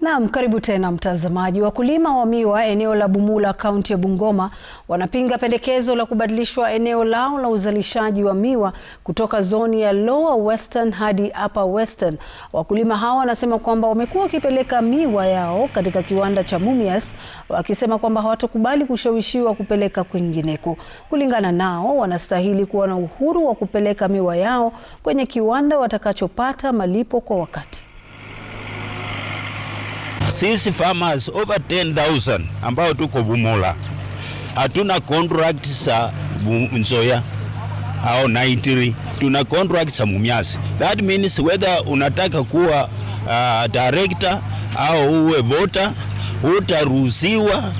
Naam, karibu tena mtazamaji. Wakulima wa miwa eneo la Bumula kaunti ya Bungoma wanapinga pendekezo la kubadilishwa eneo lao la uzalishaji wa miwa kutoka zoni ya Lower Western hadi Upper Western. Wakulima hawa wanasema kwamba wamekuwa wakipeleka miwa yao katika kiwanda cha Mumias, wakisema kwamba hawatakubali kushawishiwa kupeleka kwingineko. Kulingana nao, wanastahili kuwa na uhuru wa kupeleka miwa yao kwenye kiwanda watakachopata malipo kwa wakati. Sisi farmers over 10,000 ambao tuko Bumula hatuna contract sa Nzoia au Naitiri, tuna contract sa Mumias. That means whether unataka kuwa uh, director au uwe voter utaruhusiwa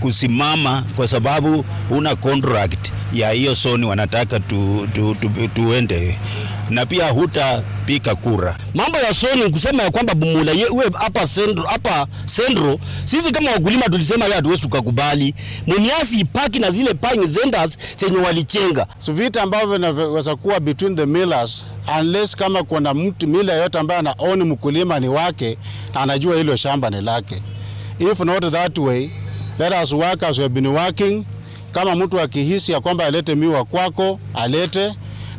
kusimama kwa sababu una contract ya hiyo soni wanataka tu, tu, tu, tuende na pia hutapika kura. Mambo ya soni kusema ya kwamba Bumula yewe hapa sendro, hapa sendro, sisi kama wakulima tulisema ya tuwesu kakubali muniasi ipaki na zile pine zenders zenye walichenga. So vita ambavyo vinaweza kuwa between the millers unless kama kuna mtu mila yote ambaye anaoni mkulima ni wake anajua hilo shamba ni lake. If not that way, let us work as we have been working. Kama mtu akihisi ya kwamba alete miwa kwako alete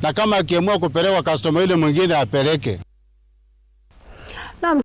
na kama akiamua kupelekwa customer yule mwingine apeleke.